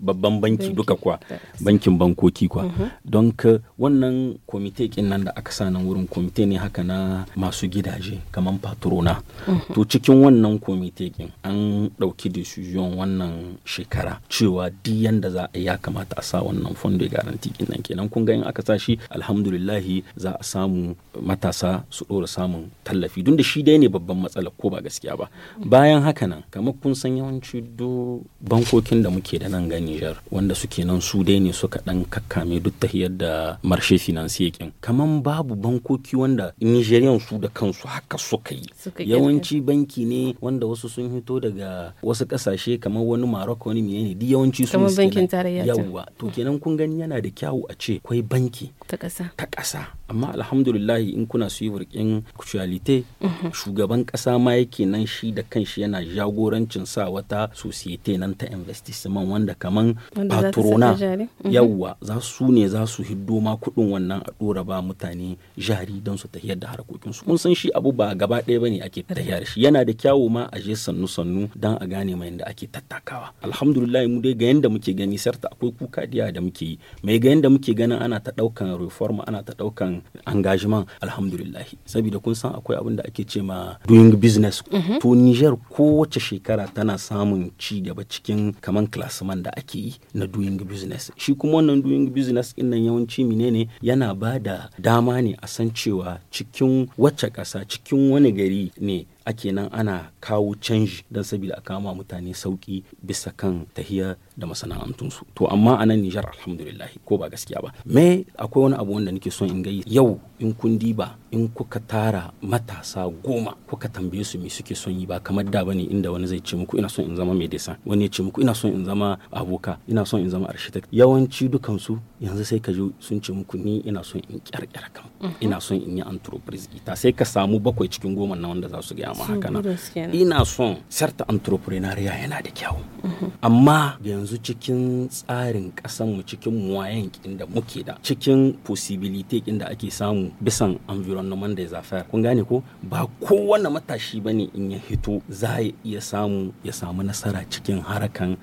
babban banki duka kwa bankin bankoki kwa mhm. euh, wannan komite kin nan da aka sa nan wurin komite ne haka na masu gidaje kaman patrona mhm. to cikin wannan komite kin an dauki decision wannan shekara cewa duk yanda za a ya kamata a sa wannan fondo garanti kin nan kenan kun ga in aka sa shi alhamdulillahi za a samu matasa su dora samun tallafi dun da shi dai ne babban matsala ko ba gaskiya ba mhm. bayan haka nan kamar kun san yawanci duk bankokin da muke da nan ga Nijar wanda suke nan su dai ne suka dan kakkame duk tahiyar da marshe finance kin kamar babu bankoki wanda Nijeriyan su da kansu haka suka yi yawanci banki ne wanda wasu sun hito daga wasu kasashe kamar wani Morocco ne menene duk yawanci su kamar bankin tarayya yawa to kenan kun gani yana da kyawu a ce kwai banki ta ƙasa ta kasa amma alhamdulillah in kuna su yi burkin shugaban ƙasa ma yake nan shi da kanshi yana tana jagorancin sa wata societe nan ta investissement wanda kaman patrona mhm. yawwa za su ne za su hiddo ma kuɗin wannan a ɗora ba mutane jari don su tafiyar da su kun san shi abu ba gaba ɗaya bane ake tafiyar shi yana da kyawu ma a je sannu sannu dan a gane mai da ake tattakawa alhamdulillah mu dai ga yanda muke gani sarta akwai kuka diya da muke yi mai ga yanda muke ganin ana ta ɗaukan reform ana ta ɗaukan engagement alhamdulillah saboda kun san akwai abin da ake ce ma doing business mhm. to Niger ko kowace shekara tana samun ci gaba cikin kaman klasman da ake yi na doing business shi kuma wannan doing business din nan yawanci menene yana ba da dama ne a san cewa cikin wacce ƙasa cikin wani gari ne a kenan ana kawo canji don saboda a kama mutane sauki bisa kan tahiya da masana'antunsu to amma a nan nijar alhamdulillah ko ba gaskiya ba me akwai wani abu wanda nake son in gai yau in kun diba in kuka tara matasa goma kuka tambaye su me suke son yi ba kamar da bane inda wani zai ce muku ina son in zama mai desa wani ya ce muku ina son in zama aboka ina son in zama architect yawanci dukansu yanzu sai ka ji sun ce muku ni ina son in kyarkyar kan mm-hmm. ina son in yi entreprise ita sai ka samu bakwai cikin goma na wanda za su gaya samu haka nan ina son sarta entrepreneuria yana da kyau amma yanzu cikin tsarin kasan mu cikin muwayen inda muke da cikin possibility inda ake samu bisan environment da zafer kun gane ko ba kowane matashi bane in ya hito za ya iya samu ya samu nasara cikin harakan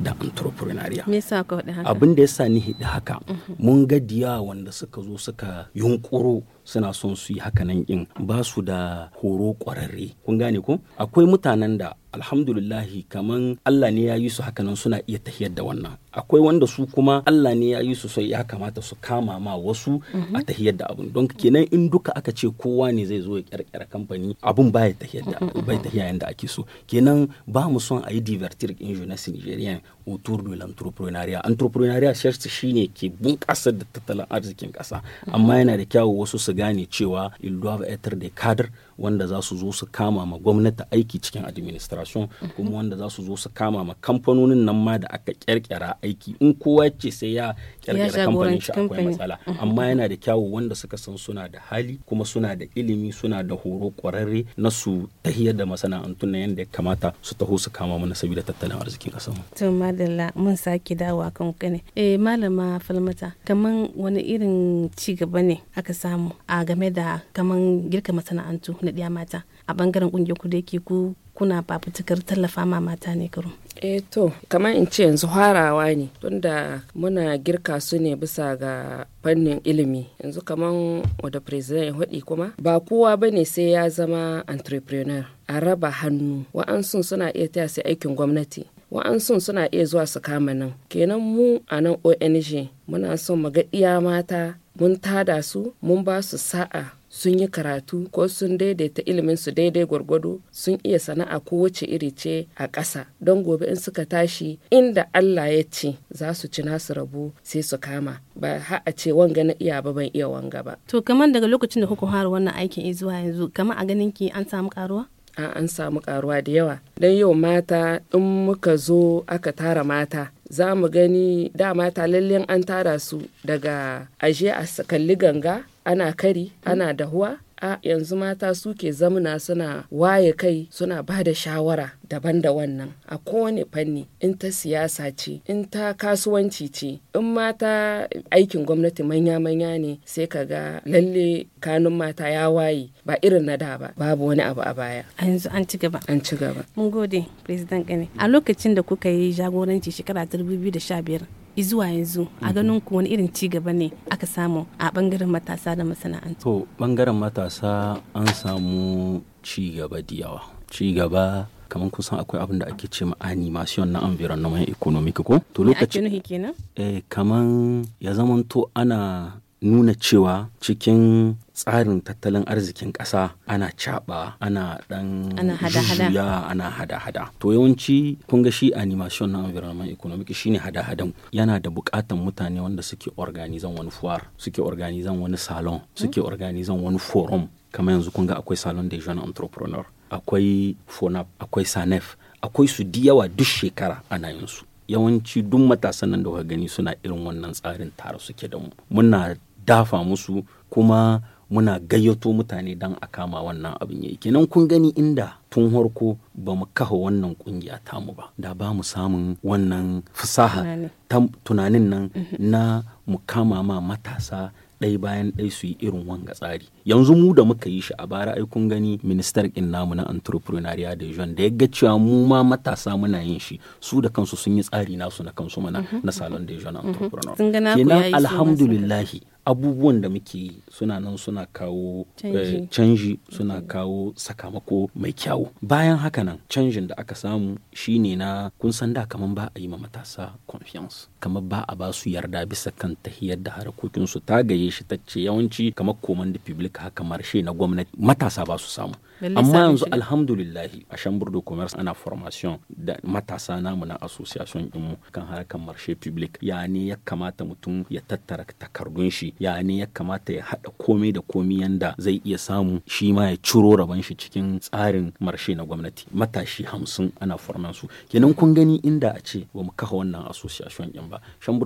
da entrepreneurial me yasa ka haka abin da yasa ni hidi haka mun ga diya wanda suka zo suka yunkuro suna son su yi hakanan in ba su da horo kwararre kun gane ko akwai mutanen da alhamdulillahi kaman Allah ne ya yi su hakanan suna iya tahiyar da wannan akwai wanda su kuma Allah ne ya yi su sai ya kamata su kama ma wasu a mhm. tahiyar da abun don kenan in duka aka ce kowa ne zai zo ya kirkira kamfani abun baya tahiyar da bai tahiya yanda ake so kenan ba mu son a yi divertir in jeunesse nigerian autour de l'entrepreneuriat entrepreneuriat shi shine ke bunƙasar da tattalin arzikin ƙasa mm-hmm. amma yana da kyawu wasu su gane cewa il doivent être des cadres wanda za su zo su kama ma gwamnati aiki cikin administration mhm. kuma wanda za su zo su kama ma kamfanonin nan ma da aka kyarkyara aiki in kowa ce sai ya kirkira kamfanin shi akwai matsala mm-hmm. amma yana da kyawu wanda suka san suna da hali kuma suna da ilimi suna da horo kwararre na su tahiyar da masana'antu na yadda ya kamata su taho su kama mana saboda tattalin arzikin ƙasar mu. to madalla mun sake dawowa kan kane eh malama falmata kaman wani irin ci gaba ne aka samu a game da kaman girka masana'antu na ɗiya mata a bangaren kungiyar ku da yake ku kuna fafutukar tallafa ma mata ne karo eh to kamar in ce yanzu harawa ne tunda muna girka su ne bisa ga fannin ilimi yanzu kamar wadda president ya hudi kuma ba kowa bane sai ya zama entrepreneur a raba hannu wa'ansu suna iya taya sai aikin gwamnati wa'ansu suna iya zuwa su kama nan kenan mu a nan ong muna son mugaɗiya mata mun tada su mun ba su sa'a sun yi karatu ko sun daidaita ilimin su daidai gwargwado sun iya sana'a ko wace iri ce a ƙasa don gobe in suka tashi inda Allah ya ce za su ci nasu rabu sai su kama ba ha a ce wanga na iya ba ban iya wanga ba to kamar daga lokacin da kuka fara wannan aikin izuwa yanzu kamar a ganin ki an samu karuwa a an samu karuwa da yawa don yau mata in muka zo aka tara mata za mu gani da mata lallen an tara su daga ashe a kalli ganga ana kari ana dahuwa a yanzu mata suke zamna suna waye kai suna ba da shawara daban da wannan a kowane fanni in ta siyasa ce in ta kasuwanci ce in mata aikin gwamnati manya-manya ne sai ka ga lalle kanun mata ya waye ba irin na da ba babu wani abu a baya a yanzu an ci gaba an ci gaba mun gode president gane a lokacin da kuka yi jagoranci shekara 2015 zuwa yanzu a mhm. ganin ku wani irin ci gaba ne aka samu a bangaren matasa da masana'antu to bangaren matasa an samu ci gaba da yawa ci gaba kamar kusan akwai abin da ake ce animation na environment economic ko to lokaci eh kaman ya zamanto ana nuna cewa cikin tsarin tattalin arzikin ƙasa ana caɓa ana ɗan juya ana hada-hada to yawanci kun ga shi animation na environment economic shine hada-hadan yana da bukatan mutane wanda suke organizan wani fuwar suke organizan wani salon suke hmm. organizan wani forum kamar yanzu kun ga akwai salon de jeune entrepreneur akwai fonap akwai sanef akwai su diyawa duk shekara ana yin su yawanci duk matasan nan da kuka gani suna irin wannan tsarin tare suke da mu muna dafa musu kuma muna gayyato mutane don a kama wannan abin yayi kenan kun gani inda tun harko ba mu kafa wannan kungiya mu ba da ba mu samun wannan fasaha tunanin nan mhm. na mu kama ma matasa ɗai bayan ɗai su yi irin wanga tsari yanzu mu da muka yi shi a bara ai kun gani ministar ɗin namu na entrepreneuria da jean da ya ga cewa mu ma matasa muna yin shi su da kansu sun yi tsari nasu na kansu mana mhm. na salon de jean mhm. entrepreneur kenan alhamdulillahi abubuwan da muke yi suna nan suna kawo eh, canji suna mm-hmm. kawo sakamako mai kyawu bayan haka nan canjin da aka samu shine na kun san da kamar ba a yi ma matasa confiance kamar ba a ba su yarda bisa kan tahiyar da harkokinsu ta gaye shi ta ce yawanci kamar koman public haka marshe na gwamnati matasa ba su samu amma yanzu alhamdulillahi a da commerce ana formation da matasa namu na association mu kan harkar marshe public ya ne ya kamata mutum ya tattara takardun shi ya ne ya kamata ya hada komai da komai yanda zai iya samu shi ma ya ciro rabon shi cikin tsarin marshe na gwamnati matashi hamsin ana forman su kenan kun gani inda a ce ba mu kafa wannan association din ba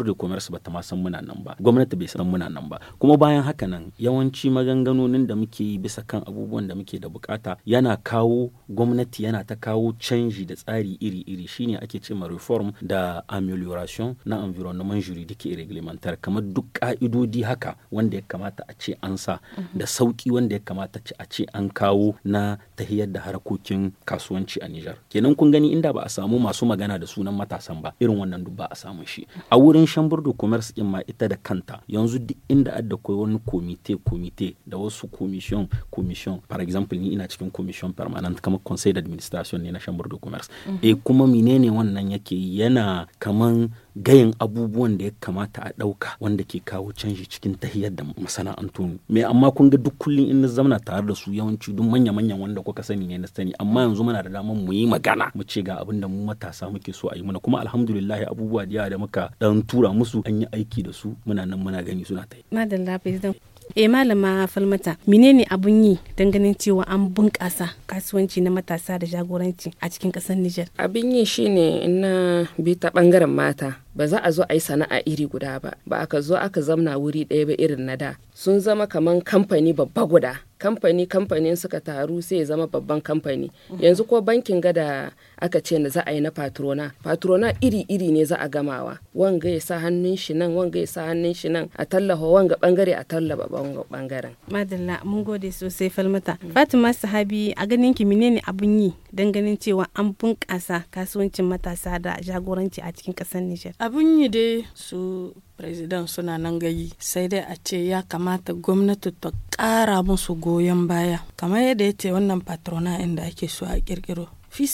da commerce ba ta ma san muna nan ba gwamnati bai san muna nan ba kuma bayan haka nan yawanci maganganonin da muke yi bisa kan abubuwan da muke da bukata ma'aikata yana kawo gwamnati yana ta kawo canji da tsari iri-iri shine ake ce ma reform da amelioration na environnement juridique et réglementaire kamar duk ka'idodi haka wanda ya kamata a ce an sa mhm. da sauki wanda ya kamata a ce an kawo na tahiyar da harkokin kasuwanci a Nijar kenan kun gani inda ba a samu masu magana da sunan matasan ba irin wannan duk ba a samu shi a wurin shambur de commerce din ma ita da kanta yanzu duk inda adda kai wani komite komite da wasu commission commission for example ni ina cikin commission permanent kamar conseil d'administration ne na chamber de commerce mhm. eh kuma menene wannan yake yana kaman gayin abubuwan da ya kamata a ɗauka wanda ke kawo canji cikin tahiyar da masana'antu me amma kun ga duk kullum in na zamana tare da su yawanci duk manya-manyan wanda kuka sani ne na sani amma yanzu muna da daman mu yi magana mu ce ga abin da mu matasa muke so a yi mana kuma alhamdulillah abubuwa da yawa da muka dan tura musu an yi aiki da su muna nan muna gani suna ta yi. eh malama falmata menene abun yi don ganin cewa an bunƙasa kasuwanci na matasa da jagoranci a cikin ƙasar Nijar? Abin yi shine na bi ta ɓangaren mata. Ba za a zo a yi sana'a iri guda ba, ba aka zo aka zamna wuri ɗaya ba irin na da. Sun zama kaman kamfani babba guda. kamfani kamfanin suka taru sai ya zama babban kamfani yanzu ko bankin gada aka ce na za a yi na patrona patrona iri-iri ne za a gamawa wanga ya sa hannun shi nan wanga ya sa hannun shi nan a tallafa wanga bangare a tallafa wanga bangaren madalla mun gode sosai falmata fatima sahabi a ganin ki menene abun yi dan ganin cewa an bunƙasa kasuwancin matasa da jagoranci a cikin ƙasar Nijar abun yi dai su president suna nan gayi sai dai a ce ya kamata gwamnati ta ƙara musu goyon baya kamar yadda ya ce wannan patrona inda ake so a kirkiro fi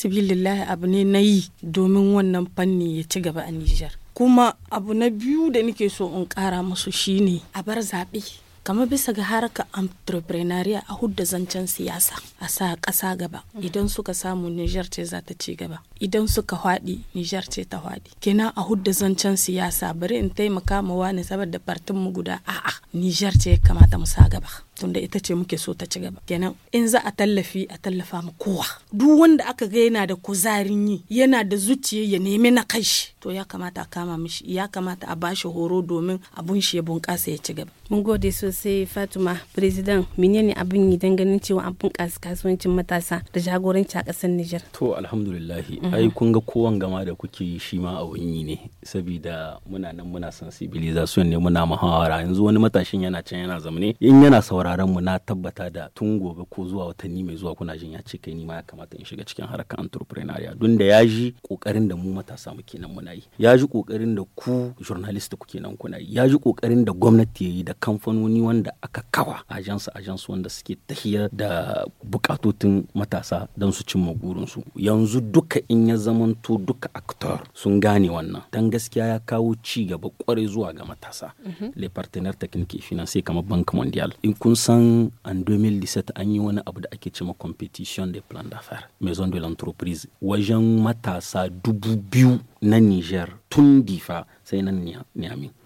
abu ne na yi domin wannan fanni ya ci gaba a nijar kuma abu na biyu da nake so in ƙara musu shine a bar zaɓe kamar bisa ga harkar entrepreneuria a hudda zancen siyasa a sa ƙasa gaba idan suka samu nijar ce za ta ci gaba idan suka haɗi nijar ce ta haɗi kenan a hudda zancen siyasa bari in taimaka ma wani saboda partin mu guda a'a nijar ce kamata mu sa gaba tunda ita ce muke so ta ci gaba kenan in za a tallafi a tallafa ma kowa duk wanda aka ga yana da kuzarin yi yana da zuciya ya nemi na kai to ya kamata a kama mishi ya kamata a bashi horo domin abun shi ya bunƙasa ya ci gaba mun gode sosai fatima president menene abin yi dan ganin cewa an bunƙasa kasuwancin matasa da jagoranci a ƙasar niger to alhamdulillah mhm. ai kun ga kowan gama da kuke shi ma a yi ne saboda muna nan muna sensibilization ne muna muhawara yanzu wani matashin yana can yana zamane in yana saurara sauraron mu na tabbata da tun gobe ko zuwa watanni mai zuwa kuna jin ya ce kai ni ya kamata in shiga cikin harkar entrepreneurial don da ya ji kokarin da mu matasa muke nan muna yi ya ji kokarin da ku journalist kuke nan kuna yi ya ji kokarin da gwamnati yayi da kamfanoni wanda aka kawa ajansu ajansu wanda suke tahiyar da bukatotin matasa don su cimma burinsu yanzu duka in ya zamanto duka actor sun gane wannan dan gaskiya ya kawo ci gaba kwarai zuwa ga matasa mm-hmm. le partenaire technique et financier kamar bank mondial in kun san en 2017 an yi wani abu da ake cema competition de plan d'affaires maison de l'entreprise wajen matasa dubu biyu na Niger tun difa sai nan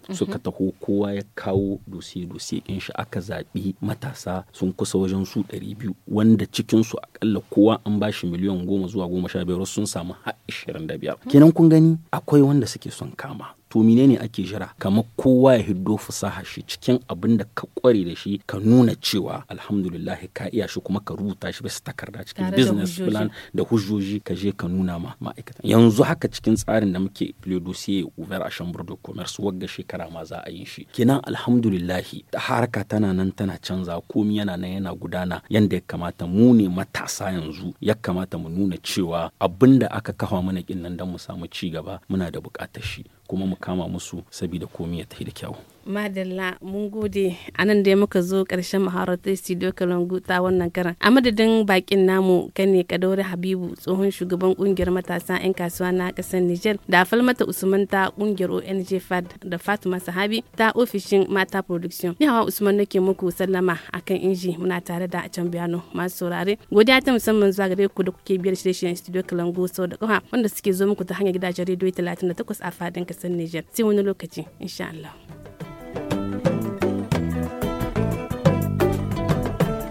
su suka taho kowa ya kawo dosiye-dosiye in shi aka zaɓi matasa sun kusa wajen su ɗari biyu wanda cikinsu akalla kowa an ba shi miliyan goma zuwa goma sha biyar sun samu har ishirin da biyar kenan kun gani akwai wanda suke son kama to menene ake jira kamar kowa ya hiddo fasaha shi cikin abin da ka kware da shi ka nuna cewa alhamdulillah ka iya shi kuma ka rubuta shi bisa takarda cikin business plan da hujjoji ka je ka nuna ma ma'aikata yanzu haka cikin tsarin da muke ledo dosiye uver a chambre de commerce wagga shekara ma za a yi shi kenan alhamdulillahi harka tana nan tana canza komi yana nan yana gudana yanda ya kamata mu ne matasa yanzu ya kamata mu nuna cewa abinda aka kafa mana kin nan don mu samu ci gaba muna da bukatar shi kuma mu kama musu saboda komai ya tafi da kyau madalla mun gode a nan da muka zo karshen maharata studio kalangu ta wannan karan a madadin bakin namu kane kadore habibu tsohon shugaban kungiyar matasa 'yan kasuwa na kasar nijar da falmata usman ta kungiyar ong fad da fatima sahabi ta ofishin mata production ni hawa usman nake muku sallama akan inji muna tare da can biyano masu saurare godiya ta musamman zuwa gare ku da kuke biyar shirye-shiryen studio kalangu sau da kawa wanda suke zo muku ta hanyar gidajen rediyo 38 a fadin kasar Nijar sai wani lokaci insha Allah.